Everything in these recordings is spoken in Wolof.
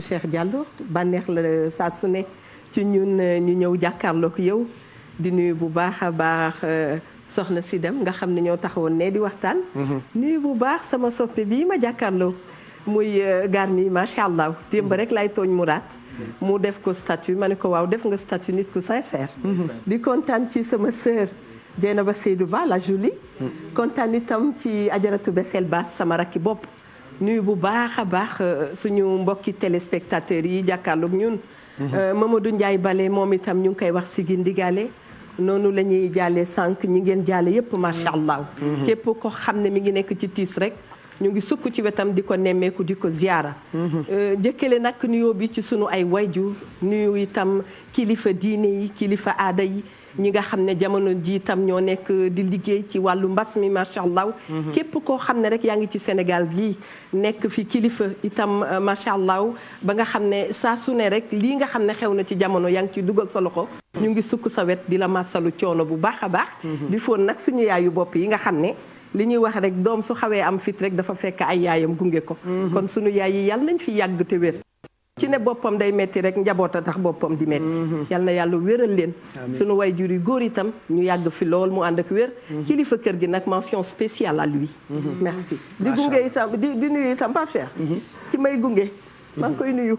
Cheikh Diallo banex la sa suné ci ñun ñu ñëw jàkkaarloog yow di nuy bu baaxa baax euh, soxna si dem nga xamni ne ñoo taxawoon ne di waxtaan. Mhm. nuy bu baax sama soppé bi ma jakarlo muy euh, garmi macha allah démb mhm. rek lay togn Mourad. mu def ko statut mané ko waaw def nga statut nit ku sincère. Mhm. di contane ci sama sœur. Dieynaba Seydou Ba la Julie. kontaan tam ci ajaratu Bessél Bass sama rakki bopp. nuyu bu baax a baax euh, suñu mbokki téléspectateurs yi jàkkaarloog ñun. Mhm. Euh, Mamadou Ndiaye Bale moom itam ñu ngi koy wax si Sigi Ndigalé. noonu la ñuy jàllee sànq ñi ngeen jàlle yépp macha mhm. allah. Mhm. képp ko xam ne mi ngi nekk ci tiis rek. ñu ngi sukk ci wetam di ko nemmeeku di ko ziyaara njëkkale euh, nag nuyoo bi ci suñu ay way ju nuyu itam kilifa diine yi kilifa aada yi. ñi nga xam ne jamono ji tam ñoo nekk di liggéey ci wàllu mbas mi macha allah. Mhm. képp koo xam ne rek yaa ngi ci Sénégal gii nekk fi kilifa itam euh, macha allah ba nga xam ne saa su ne rek lii nga xam ne xew na ci jamono yaa ngi ci dugal sa loxo. ñu ngi sukk sa wet di la masalu coono bu baax a baax. Mhm. di foon nag suñu yaayu bopp yi nga xam ne. li ñuy wax rek doom su xawee am fit rek dafa fekk ay yaayam gunge ko. Mhm. kon suñu yaay yi yàlla nañ fi yàgg te wér. ci ne boppam day metti rek njabota tax boppam di metti yalla mhm. yalla yàlla wéral leen sunu way jur yu góor itam ñu yàgg fi lool mu and ak wér mhm. kilifa kër gi nak mention spéciale à lui mhm. merci di gungé itam di nuyu itam pap Cheikh ci may gungé mang koy nuyu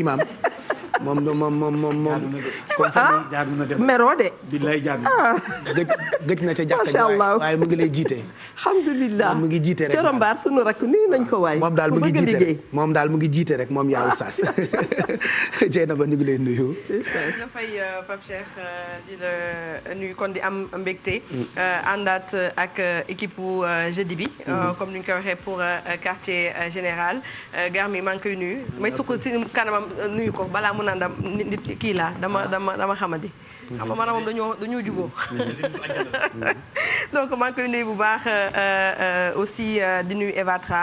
imam suis mom mom mom équipe euh, euh, mm-hmm. comme pour euh, quartier général naan da nit ki la dama ah. dama dama xamadi xam nga dañu dañu dañoo donc maa koy nuyu bu baax euh, euh, euh, aussi di nuyu Evatra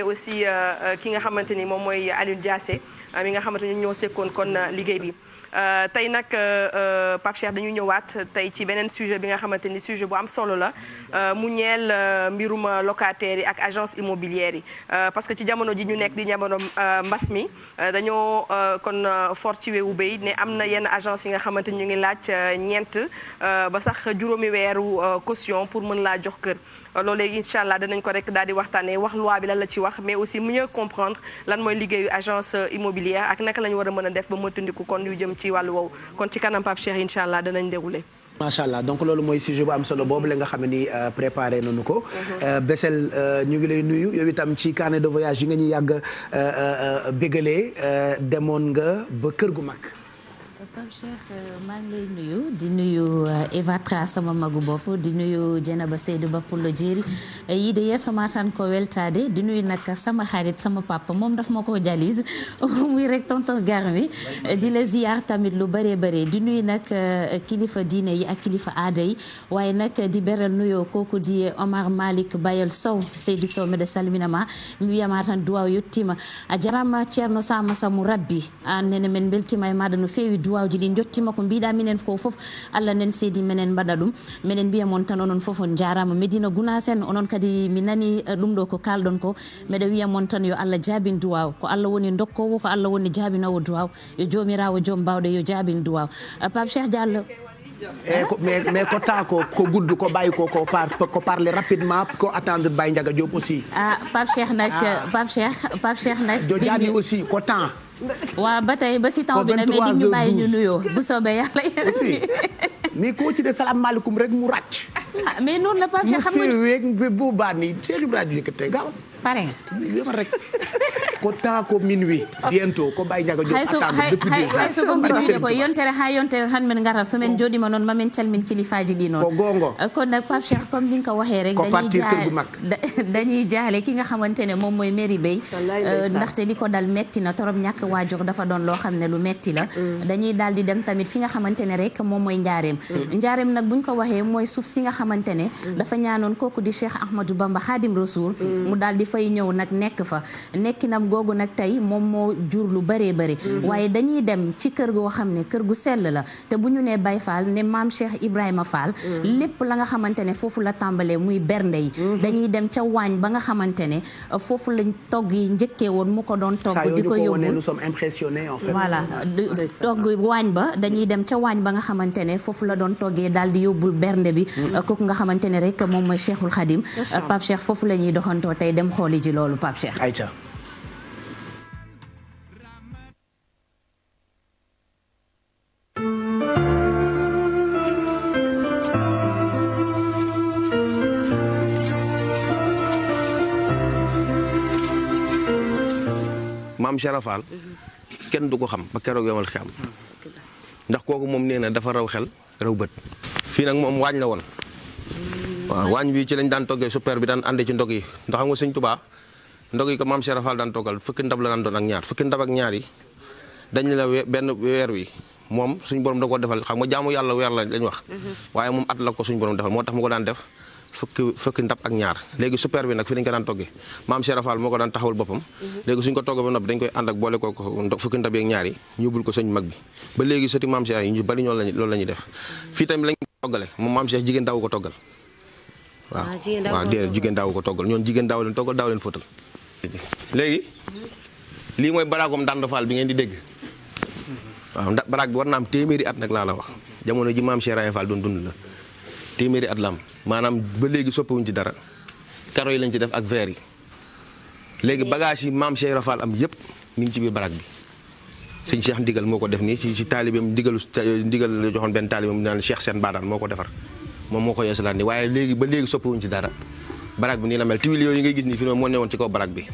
mais aussi euh, euh, ki nga xamante ni moom mooy Aliou Diassé euh, mi nga xamante ni ñoo sekkoon kon liggéey bi nak euh, euh, euh pap Cheikh dañu ñëwaat tay ci benen sujet bi nga xamanteni sujet bu am solo la euh, mu ñël mbirum locataire ak agence immobilière euh parce que ci jamono ji ñu nekk di jamono mbas mi dañoo kon fort ci wewu béy ne am yenn agence yi nga xamanteni ñu ngi ñent euh ba sax juromi wéru caution pour mën la jox kër lolé inshallah dañ danañ ko rek daal di wax loi bi lan la ci wax mais aussi mieux comprendre lan moy liggéeyu agence immobilière ak naka la wara mëna def ba tundiku kon yu jëm ci wàllu woowu kon ci kanam Pape Cheikh incha allah danañ déroulé. macha allah donc loolu mooy sujet bu am solo boobu la nga xam ni euh, préparé nanu ko. Mhm. Euh, Bessel euh, ñu ngi lay nuyu yow itam ci kaane de voyage yi nga ñuy yàgg bégalee demoon nga ba kër gu mag. Pape Cheikh euh, maa ngi lay nuyu di nuyu euh, Eva sama magu bopp di nuyu Dieynaba Seydou Ba Pullo Jéeri euh, yii de yeeso maataan ko weltaade di nuyu nag sama xarit sama papa moom daf ma koo jalise muy rek tonton Garmi di la ziar tamit lu bëree bëri di nuyu nag kilifa diine yi ak kilifa aada yi waaye nag di beral nuyoo kooku di Omar Malick Bayal Sow Seydou Sow mi de salminama mi wiyamatan duwaw yettima a jarama ceerno Samassa Murabbi an ah, nene men beltima wawji ɗi jottima ko mbiɗa minen ko foof allah nen seedi menen mbaɗa ɗum meɗen mbiya moon tan onon foof on jarama médina gouna sen onon kadi mi nani eh, ɗum ɗo ko kalɗon ko mbeɗa wiya moon tan yo allah jaabin duwaw ko allah woni dokkowo ko allah woni jaabinowo duwaw yo jomirawo joom mbawɗo yo jaabin duwaw eh, pape cheikh diallo eyi eh, mais mais ko temps ko ko guddu ko ɓayi ko ko par ko parler rapidement ko attendre baye ndiaga diom aussi ah pape cheikh nak ah. pape cheikh pape cheikh nak jo jaabi aussi ko temps waaw ba tey ba si temps bi na mais di ñu bàyyi ñu nuyoo bu soobee yàlla aussi mais koo ci de salaamaaleykum rek mu ràcc ah mais noonu la Pape Cheikh xam nga mu fi weeg bu baax nii Cheikh Ibrahima ñu ko tey gaaw ko taa ko minuit bientôt ko Baye Ndiaga Diop attendre depuis deux hay so gombiɗoɗe koye yontere ha yontere han min gara somin jooɗima noon mamin calmin kilifaji ɗi noon eh, ko gongo kono nag Pape Cheikh comme nin ko waxe rek dañuy jaale ki nga xamante ne moom mooy mairie Bey eh, ndaxte li ko dal metti na torop ñakk waajur dafa doon loo xam ne lu metti la mm. dañuy daal di dem tamit fi nga xamante ne rek moom mooy njaareem mm. njaareem nag buñ ko waxee mooy suuf si nga xamante ne mm. dafa ñaanoon kooku di Cheikh Ahmadou Bamba Khadim Rasoul mu daal di fay ñëw na nekk googu nag tey moom moo jur lu bëree bëri mm-hmm. waaye dañuy dem ci kër goo xam ne kër gu sell la te bu ñu nee bay Fall ne maam Cheikh Ibrahima Fall mm-hmm. lépp la nga xamante ne foofu la tàmbalee muy bernde yi mm-hmm. dañuy dem ca waañ ba nga xamante ne uh, foofu lañ togg yi njëkkee woon mu ko doon togg di ko yóbbu nous sommes impressionnés voilà ah, togg waañ ba dañuy dem ca waañ ba nga xamante ne foofu la doon toggee daal di yóbbul bernde bi uh, kooku nga xamante ne rek moom mooy Cheikhul Khadim uh, Pape foofu la ñuy doxantoo tey dem xooli ji loolu Pape Cheikh Aïcha mam Serafal kenn duko xam ba keroog yomal xam ndax koku mom neena dafa raw xel raw beut fi nak mom wañ la won waaw wi ci lañ dan toggee super bi dan andé ci ndog yi ndax xam nga seigne touba ndog yi ko mam Serafal dan togal fukk ndab la dan don ak ñaar fukk ndab ak ñaar yi dañ la ben weer wi mom suñ borom da ko defal xam nga jaamu yalla weer la lañ wax mhm. waye mom at la ko suñ borom defal motax tax mu ko def fukki fukki ndab ak ñaar léegi super bi nag fi dañ ko daan toggee maam Cheikh Rafal moo ko daan taxawul boppam mhm. léegi suñ ko toggee ba noppi dañ koy ànd ak boole ko fukki ndab yeeg ñaar yi ñubul ko sëñ mag bi ba léegi sëti maam Cheikh yi ñoo lañ loolu la ñuy def mhm. fii tamit lañ ko toggale moom maam Cheikh jigéen daawu ko toggal waaw ah, waaw déedéet jigéen ko toggal ñoon jigéen daaw leen toggal daaw leen fóotal léegi mhm. lii mooy baraakom Ndande Fall bi ngeen di dégg waaw baraag bi war na am téeméeri at nag laa la wax jamono ji maam Cheikh Rafal doon dund la téeméeri at la am maanaam ba léegi soppiwuñ ci dara karo yi lañ ci def ak veer yi léegi bagage yi maam see Rafal am yëpp mi ngi ci biir barak bi sëñ Cheikh ndigal moo ko def nii ci ci taalibeem ndigalu ndigal la joxoon benn taalibeem naan Cheikh seen baadaan moo ko defar moom moo ko yeesalaat nii waaye léegi ba léegi soppiwuñ ci dara barak bi nii la mel tiwil yooyu ngay gis nii fi moom moo woon ci kaw barak bi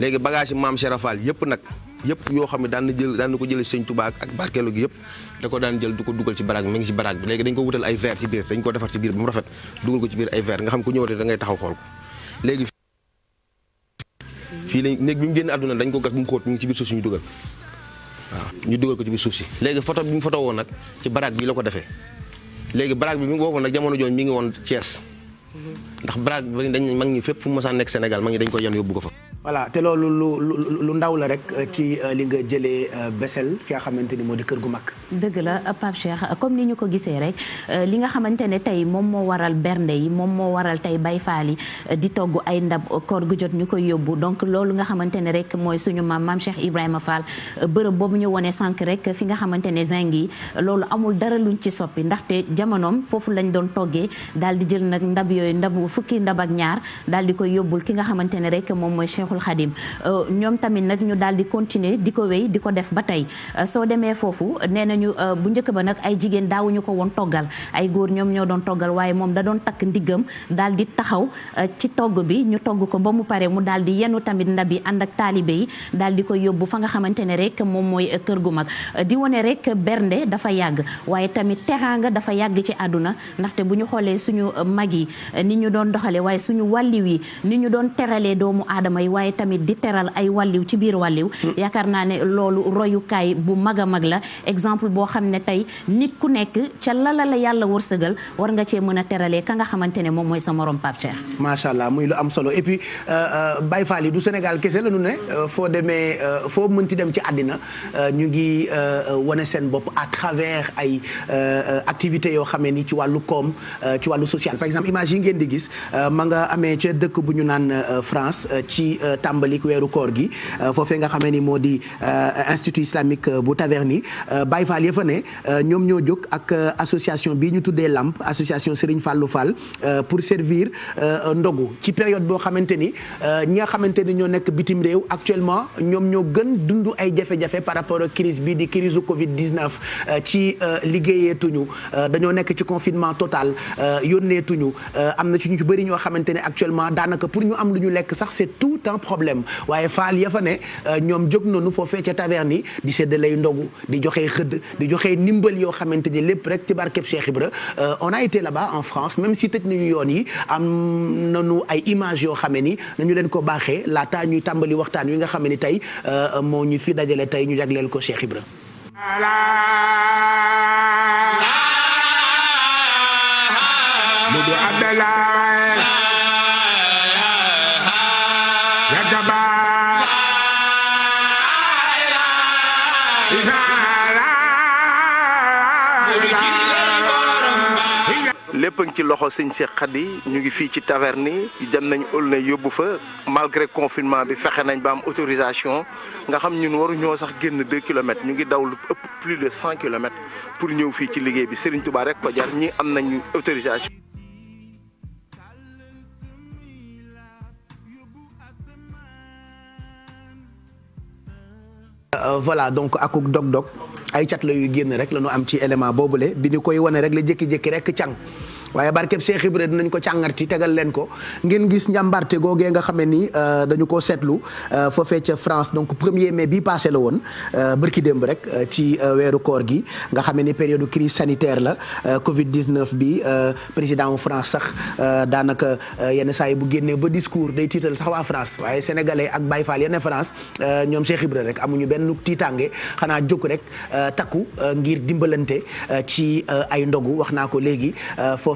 léegi bagage yi maam Cheikh Rafal yëpp nag yep yo xamni dan jël dan ko jël seigne touba ak barkelu gi yep da ko dan jël du ko dugal ci barak mi ngi ci barak bi léegi dañ ko wutal ay verre ci bir dañ ko defar ci bir bu mu rafet duggal ko ci bir ay verre nga xam ku ñëwatee da ngay taxaw xol ko fi lay nek bi mu genn aduna dañ ko gatt bu mu ko mi ngi ci bir suuf si ñu duggal waaw ñu dugal ko ci bir suuf si photo bi mu photo won nak ci barak bi lako defé defee barak bi mi ngi woowoon nak jamono joon mi ngi woon Thiès mhm. ndax barak bi dañ mag ñi fepp fu mu mosaan nekk Sénégal mag ñi dañ ko yan yobbu ko fa voilà te loolu lu lu ndaw la rek ci euh, li nga jëlee euh, Bessel fi nga xamante ni moo di kër gu mag. dëgg la Pape Cheikh comme ni ñu ko gisee rek euh, li nga xamante ne tey moom moo waral bernde yi moom moo waral tey bayfaal yi di togg ay ndab koor gu jot ñu koy yóbbu donc loolu nga xamante ne rek mooy suñu maam maam Ibrahima Fall bërëb boobu ñu wone sànq rek fi nga xamante ne zinc yi loolu amul dara luñ ci soppi ndaxte jamonoom foofu lañ doon toggee daal di jël nag ndab yooyu ndabu fukki ndab ak ñaar daal di koy yóbbul ki nga xamante ne rek moom mooy Cheikh Cheikhul Khadim euh, ñoom tamit nag ñu daal di continuer di ko wéy di ko def ba tey euh, soo demee foofu nee nañu euh, bu njëkk ba nag ay jigéen daawuñu ko woon toggal ay góor ñoom ñoo doon toggal waaye moom da doon takk ndiggam daal di taxaw ci togg bi ñu togg ko ba mu pare mu daal di yenu tamit ndab yi ànd ak taalibe yi daal di ko yóbbu fa nga xamante ne rek moom mooy kër gu mag di wone rek bernde dafa yàgg yàgg ci àdduna ndaxte bu ñu xoolee suñu mag yi ni ñu doon doxalee waaye suñu wàlliw yi ni ñu doon teralee doomu aadama yi waaye tamit di teral ay wàlliw ci biir wàlliw yaakaar naa ne loolu royukaay bu mag a mag la exemple boo xam ne tey nit ku nekk ca lala la yàlla wërsëgal war nga cee mën a teralee ka nga xamante ne moom mooy sa moroom Pape Cheikh macha allah muy lu am solo et bay euh, euh, Baye yi du Sénégal kese la ñu ne euh, foo demee foo mënti dem ci àddina ñu ngi wane seen bopp à travers ay activité yoo xamee ni ci wàllu koom ci wàllu social par exemple image yi ngeen di gis ma nga amee ca Euh, Tambalik ou koor gi euh, fofé nga xamé ni modi euh, institut islamique bu taverni Baye Fall ya fa ne ñoo jóg ak association bi ñu LAMP association Serigne Fallou Fall pour servir ndogu ci période bo xamante ñi nga xamante ñoo nek bitim actuellement ñom ñoo gën dundu ay jafé jafé par rapport au crise bi di crise Covid 19 ci liggéeyeetuñu dañoo nek ci confinement total yónneetuñu am na ci ñu ci ñoo xamante actuellement danaka pour ñu am luñu ñu sax c'est tout problème faal ya fa ne euh, taverne ndogu di di rek euh, on a été là-bas en France même si tëj yoon yi am nañu ay images yo nañu leen ko la ta lépp ngi ci loxo sëñ Cheikh Khady ñu ngi fii ci taverne yi dem nañ ël na yóbbu fa malgré confinement bi fexe nañ ba am autorisation nga xam ñun waru waruñoo sax génn 2 kilomètres ñu ngi daw lu ëpp plus de 100 kilomètres pour ñëw fii ci liggéey bi Serigne Touba rek ko jar ñi am nañ autorisation. Euh, voilà donc akuk dog-dog ay cat la yuy génn rek la ñu am ci élément boobule bi ñu koy wone rek la jékki-jékki rek càng waaye barkeb Cheikh Ibra dinañ ko càngarti tegal leen ko ngeen gis njàmbarte googee nga xamee ni euh, dañu ko seetlu euh, foofee ca France donc premier mais bi passé la woon euh, bërki démb rek ci weeru koor gi nga xamee ni période crise sanitaire la Covid 19 bi président wu France sax daanaka yenn saa bu génnee ba discours day tiital sax waa France waaye sénégalais ak Baye Fall yenn France ñoom Cheikh Ibra rek amuñu benn tiitaange xanaa jóg rek takku ngir dimbalante ci ay ndogu wax naa ko léegi